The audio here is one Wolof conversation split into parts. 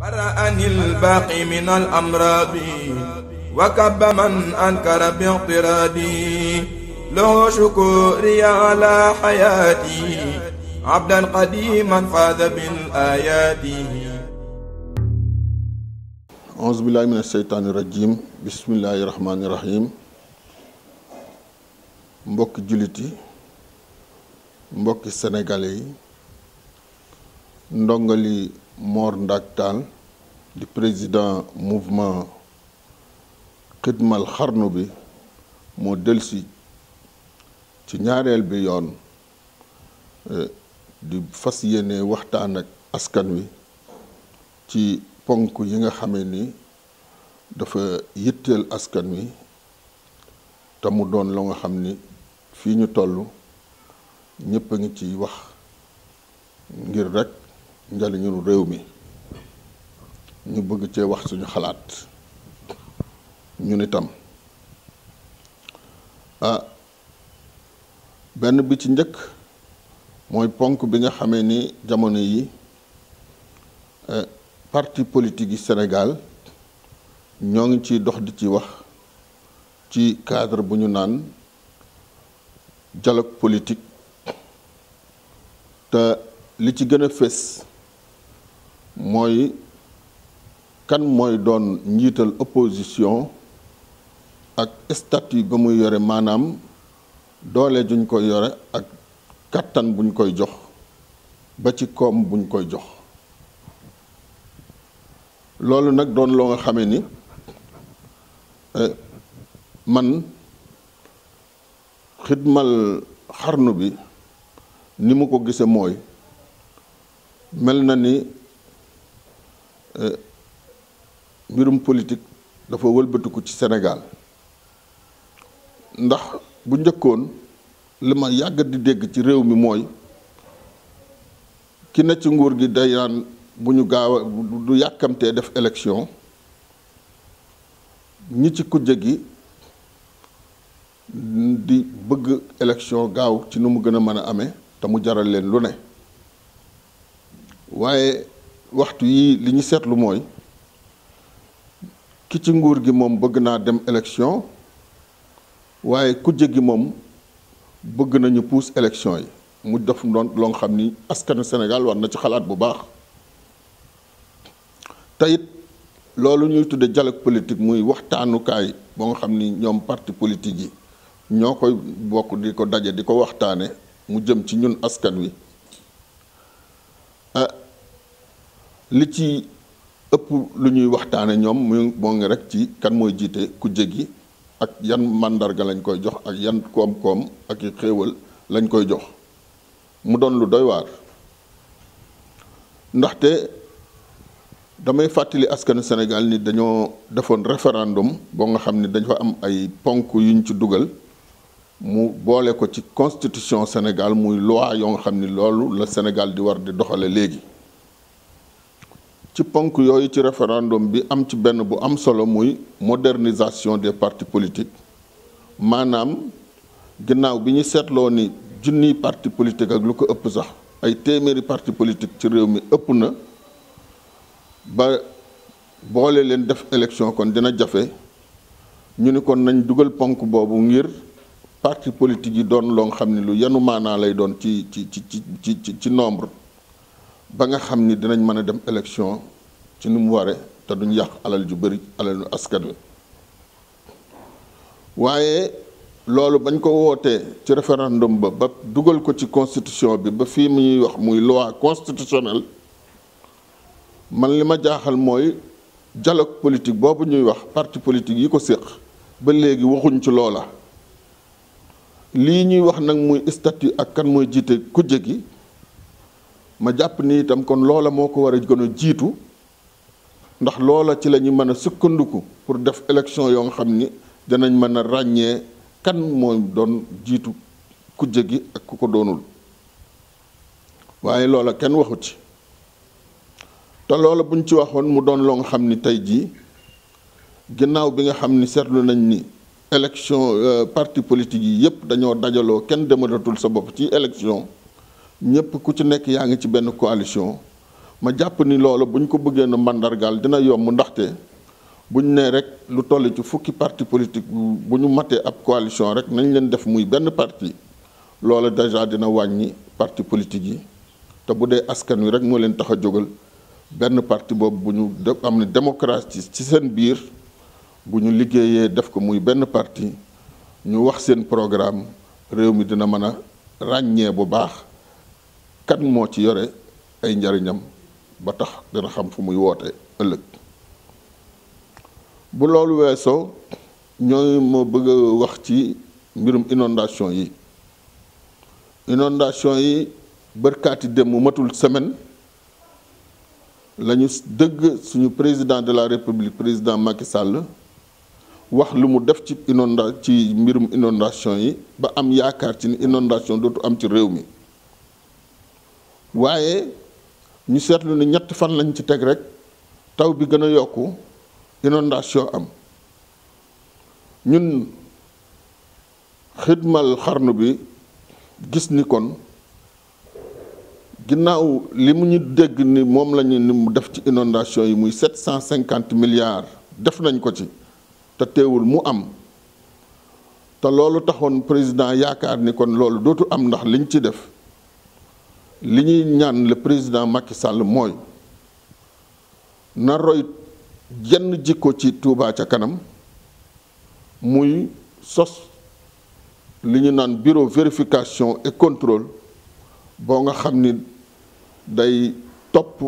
برأني الباقي من الأمراض وكب من أنكر باعتراضي له شكوري على حياتي عبدا قديما فاز بالآيات أعوذ بالله من الشيطان الرجيم بسم الله الرحمن الرحيم mbokki jullit yi mbokki sénégalais yi ndongali Mor Ndak Tall di président mouvement xidmal xarnu bi moo delsi ci ñaareel bi yoon eh, di fas yéene waxtaan ak askan wi ci ponk yi nga xamee ni dafa yitteel askan wi te mu doon la nga xam ni fii ñu tollu ñépp a ngi ciy wax ngir rekk njariñul réew mi ñu bëgg cee wax suñu xalaat ñun itam ah benn bi ci njëkk mooy ponk bi nga xamee ni jamono yi eh, parti politique yi Sénégal ñoo ngi ci dox di ci wax ci cadre bu ñu naan dialogue politik te li ci gën a fés mooy kan mooy doon njiital opposition ak statut ba muy yore maanaam doole juñ koy yore ak kàttan buñ koy jox ba ci koom buñ koy jox loolu nag doon loo nga xame ni eh, man xidmal xarnu bi ni mu ko gisee mooy mel na ni Euh, mbirum politique dafa wëlbatiku ci senegaal ndax bu njëkkoon li ma yàgg di dégg ci réew mi mooy ki ne ci nguur gi day naan bu ñu gaaw a du yàkkamtee def élection ñi ci kujje gi di bëgg élection gaaw ci nu mu gën a mën a amee te mu jaral leen lu ne waaye waxtu yi li ñu seetlu mooy ki ci nguur gi moom bëgg naa dem élection waaye kujje gi moom bëgg nañu puus élection yi mu def doon loo xam ni askanu Sénégal war na ci xalaat bu baax te loolu ñuy tudde dialogue politique muy waxtaanukaay ba nga xam ni ñoom parti politique yi ñoo koy bokk di ko daje di ko waxtaane mu jëm ci ñun askan wi eh, li ci ëpp lu ñuy waxtaane ñoom mu moo ngi rek ci kan mooy jiite ku gi ak yan màndarga lañ koy jox ak yan koom-koom ak i xéewal lañ koy jox mu doon lu doy waar ndaxte damay fàttali askanu Sénégal ni dañoo defoon référendum boo nga xam ni dafa am ay ponk yuñ ci dugal mu boole ko ci constitution Sénégal muy loi yoo nga xam ni loolu la Sénégal di war di doxale léegi ci ponk yooyu ci référendum bi am ci benn bu am solo muy modernisation des parti politiques maanaam ginnaaw bi ñu seetloo ni junniy parti politique ak lu ko ëpp sax ay téeméeri parti politique ci réew mi ëpp na ba boole leen def élection kon dina jafe ñu ni kon nañ dugal ponk boobu ngir parti politique yi doon loo xam ne lu yanu maanaa lay doon ci ci ci ci ci ci nombre ba nga xam ni dinañ mën a dem élection ci ni mu waree te duñ yàq alal ju bëri alalu askan wi waaye loolu bañ ko wootee ci référendum ba ba dugal ko ci constitution bi ba fii mu ñuy wax muy loi constitutionnelle man li ma jaaxal mooy dialogue politique boobu ñuy wax parti politique yi ko séq ba léegi waxuñ ci loola lii ñuy wax nag muy statut ak kan mooy jiite kujje gi ma jàpp ni itam kon loola moo ko war a gën jiitu ndax loola ci la ñu mën a sukkandiku pour def élection yoo nga xam ni danañ mën a ràññee kan mooy doon jiitu kujje gi ak ku ko doonul waaye loola kenn waxu ci te loola buñ ci waxoon mu doon loo nga xam ni tey jii ginnaaw bi nga xam ni seetlu nañ ni élection euh, parti politique yi yépp dañoo dajaloo kenn demalatul sa bopp ci élection ñëpp ku ci nekk yaa ngi ci benn coalition ma jàpp ni loolu bu ñu ko bëggee na màndargaal dina yomb ndaxte bu ñu nee rek lu toll ci fukki parti politique bu ñu matee ab coalition rek nañ leen def muy benn parti loolu déjà dina wàññi parti politique yi te bu dee askan wi rek moo leen tax a jógal benn parti boobu bu ñu am ne démocratie ci seen biir bu ñu liggéeyee def ko muy benn parti ñu wax seen programme réew mi dina mën a ràññee bu baax. kan moo ci yore ay njariñam ba tax dana xam fu muy woote ëllëg bu loolu weesoo ñooy ma bëgg wax ci mbirum inondation yi inondation yi bërkaati dem mu matul semaine lañu dëgg suñu président de la république président Macky sàll wax lu mu def ci inonda ci mbirum inondation yi ba am yaakaar ci ni inondation dootu am ci réew mi waaye ñu seetlu ni ñett fan lañ ci teg rek taw bi gën a yokku inondation am ñun xidmal xarnu bi gis ni kon ginnaaw li mu ñu dégg ni moom lañu ni mu def ci inondation yi muy sept cent cinquante milliards def nañ ko ci te teewul mu am te loolu taxoon président yaakaar ni kon loolu dootu am ndax liñ ci def li ñuy ñaan le président Macky Sall mooy na roy jenn jikko ci Touba ca kanam muy sos li ñu naan bureau vérification et control boo nga xam ni day topp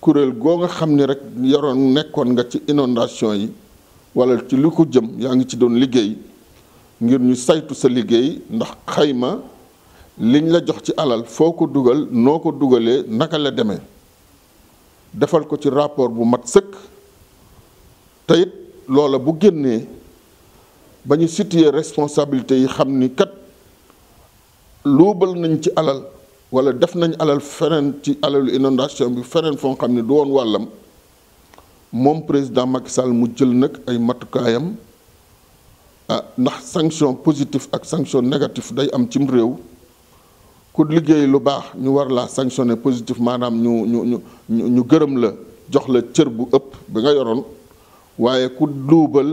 kuréel goo nga xam ni rek yoroon nekkoon nga ci inondation yi wala ci lu ko jëm yaa ngi ci doon liggéey ngir ñu saytu sa liggéey ndax xayma liñ la jox ci alal foo ko dugal noo ko dugalee naka la demee defal ko ci rapport bu mat sëkk te it loola bu génnee ba ñu situer responsabilité yi xam ni kat luubal nañ ci alal wala def nañ alal feneen ci alalu inondation bi feneen foo xam ni du woon wàllam moom président Macky Sall mu jël nag ay matukaayam ah ndax sanction positive ak sanction négatif day am cim réew ku liggéey lu baax ñu war la sanctionner positif maanaam ñu ñu ñu ñu gërëm la jox la cër bu ëpp bi nga yoroon waaye ku luubal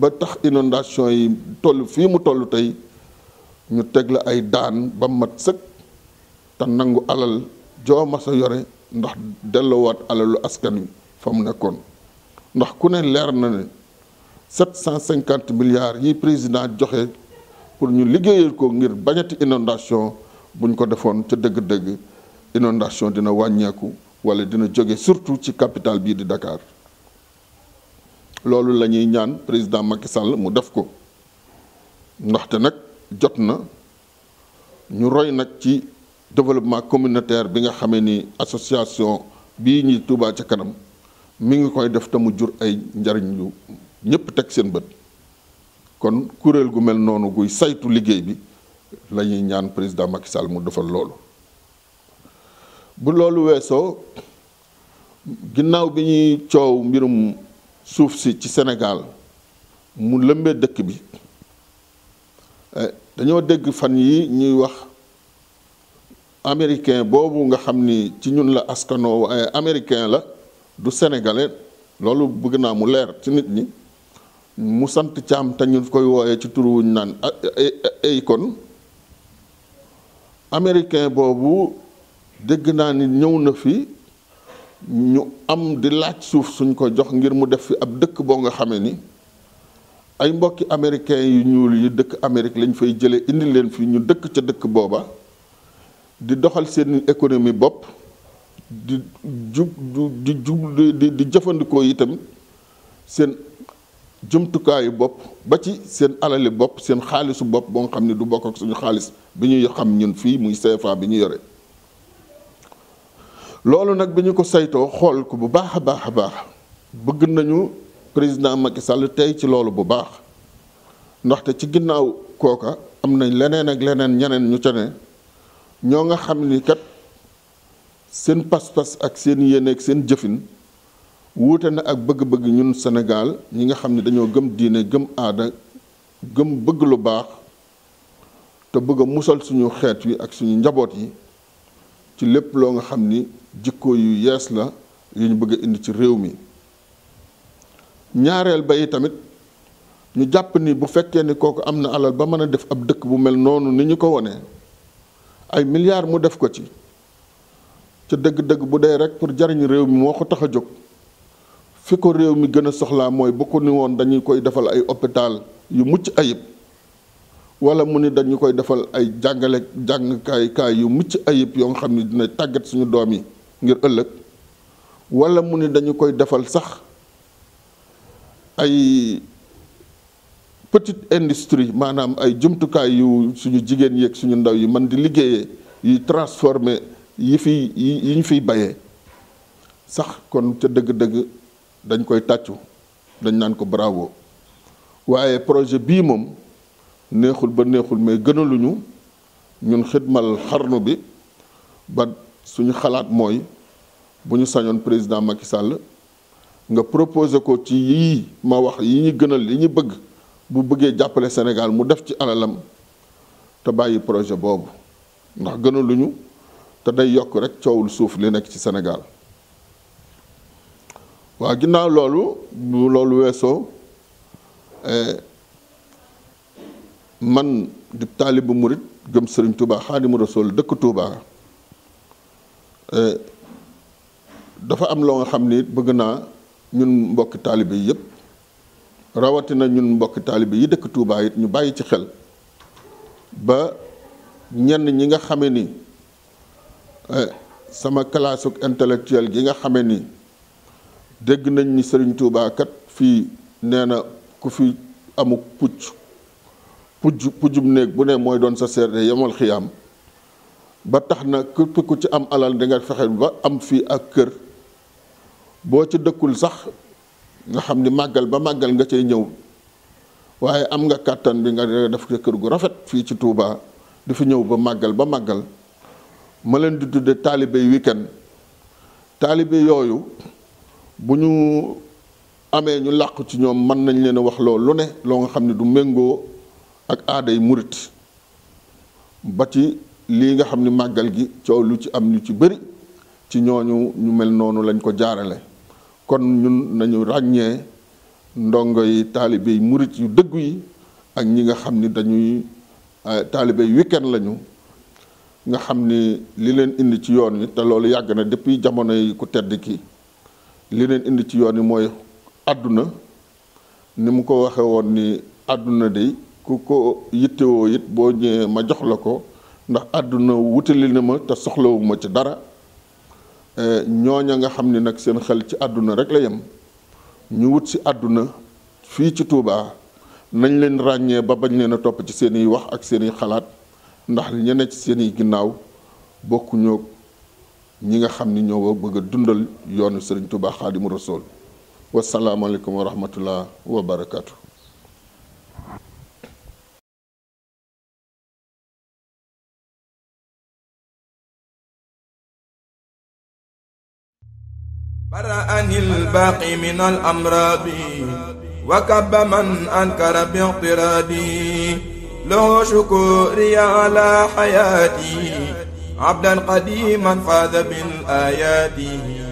ba tax inondation yi toll fii mu toll tey ñu teg la ay daan ba mat sëkk te nangu alal joo mas yore ndax delloowaat alalu askan wi fa mu nekkoon ndax ku ne leer na ne 750 milliards yi président joxe pour ñu liggéeyal ko ngir bañati inondation buñ ko defoon ca dëgg-dëgg inondation dina wàññeeku wala dina jóge surtout ci capital bii di Dakar loolu la ñuy ñaan président Macky Sall mu def ko ndaxte nag jot na ñu roy nag ci développement communautaire bi nga xamee ni association bii ñuy Touba ca kanam mi ngi koy def te mu jur ay njariñ yu ñëpp teg seen bët kon kuréel gu mel noonu guy saytu liggéey bi lañuy ñaan président Macky Sall mu defal loolu bu loolu weesoo ginnaaw bi ñuy coow mbirum suuf si ci Sénégal mu lëmbee dëkk bi eh, dañoo dégg fan yi ñuy wax américain boobu nga xam ni ci ñun la askanoo américain la du sénégalais loolu bëgg naa mu leer ci nit ñi mu sant caam te ñu koy wooyee ci turu wuñ naan ay kon americain boobu dégg naa ni ñëw na fi ñu am di laaj suuf suñ ko jox ngir mu def fi ab dëkk boo nga xamee ni ay mbokki américain yu ñuul yi dëkk Amérique lañ fay jëlee indi leen fi ñu dëkk ca dëkk booba di doxal seen économie bopp di jub di jub di di jëfandikoo itam seen jumtukaayu bopp ba ci seen alali bopp seen xaalisu bopp boo nga xam ne du bokk suñu xaalis bi ñuy xam ñun fii muy CFA bi ñu yore loolu nag bi ñu ko saytoo xool ko bu baax a baax a baax bëgg nañu président Macky Sall tey ci loolu bu baax ndaxte ci ginnaaw kooka am nañ leneen ak leneen ñeneen ñu ca ñoo nga xam ni kat seen pas-pas ak seen yéene ak seen jëfin wuute na ak bëgg-bëgg ñun senegal ñi nga xam ne dañoo gëm diine gëm aada gëm bëgg lu baax te bëgg a musal suñu xeet wi ak suñu njaboot yi ci lépp loo nga xam ni jikko yu yees la yu ñu bëgg indi ci réew mi ñaareel ba yi tamit ñu jàpp ni bu fekkee ni kooku am na alal ba mën a def ab dëkk bu mel noonu ni ñu ko wone ay milliards mu def ko ci ca dëgg-dëgg bu dee rek pour jariñ réew mi moo ko tax a jóg fi ko réew mi gën a soxlaa mooy bu ko ni woon dañuy koy defal ay hôpital yu mucc ayib wala mu ni dañu koy defal ay jàngale jàngkaay kaay yu mucc ayib yoo xam ni dina tàggat suñu doom yi ngir ëllëg wala mu ni dañu koy defal sax ay petite industrie maanaam ay jumtukaay yu suñu jigéen yeeg suñu ndaw yi man di liggéeyee yuy transformer yi fiy yi ñu fiy bayee sax kon ca dëgg-dëgg dañ koy tàccu dañ naan ko bravo waaye projet bii moom neexul ba neexul mais gënaluñu ñun xidmal xarnu bi ba suñu xalaat mooy bu ñu sañoon président Macky Sall nga proposé ko ci yii ma wax yi ñu gënal yi ñu bëgg bu bëggee jàppale Sénégal mu def ci alalam te bàyyi projet boobu ndax gënaluñu te day yokk rek coowul suuf li nekk ci Sénégal waa ginnaaw loolu bu loolu weesoo eh, man di bu murit gëm sëriñ Touba xaadimu sol dëkk Touba eh, dafa am loo nga xam ni bëgg naa ñun mbokki taalibe yëpp rawatina ñun mbokki taalibe yi dëkk tuubaa it ñu bàyyi ci xel ba ñenn ñi nga xame ni eh, sama classe intellectuel gi nga xame ni dégg nañ ni Serigne Touba fii nee na ku fi amuk pucc pujj pujjub néeg bu ne mooy doon sa seede yamal xiyaam ba tax na képp ku ci am alal di nga fexe ba am fii ak kër boo ci dëkkul sax nga xam ni màggal ba màggal nga cay ñëw waaye am nga kàttan bi nga def kër gu rafet fii ci Touba di fi ñëw ba màggal ba màggal ma leen di tudde taalibe weekend taalibe yooyu bu ñu amee ñu làqu ci ñoom mën nañ leen a wax loo ne loo nga xam ne du méngoo ak aaday murit ba ci lii nga xam ni màggal gi coow lu ci am lu ci bëri ci ñooñu ñu mel noonu lañ ko jaarale kon ñun nañu ràññee ndongo yi taalibe yi murit yu dëggu yi ak ñi nga xam ni dañuy euh, taalibe yi weekend lañu nga xam ni li leen indi ci yoon wi te loolu yàgg na depuis jamono yi ku tedd kii li leen indi ci yoon yi mooy àdduna ni mu ko waxee woon ni àdduna de ku ko yittewoo it boo ñëwee ma jox la ko ndax àdduna wutali na ma te soxlawuma ci dara eh, ñooña nga xam ni nag seen xel ci àdduna rekk la yem ñu wut si àdduna fii ci tuubaa nañ leen ràññee ba bañ leen a topp ci seeni wax ak seeni xalaat ndax ñene ci seeni ginnaaw bokkuñoo ñi nga xam ni ñoo bëgg a dundal yoonu Serigne Touba Xaadimu Rasuul wasalaamaaleykum wa rahmatullah wa barakaatu. برأني الباقي من الأمراض وكب من أنكر باعتراضي له شكوري على حياتي عبدا قديما فاز من آياته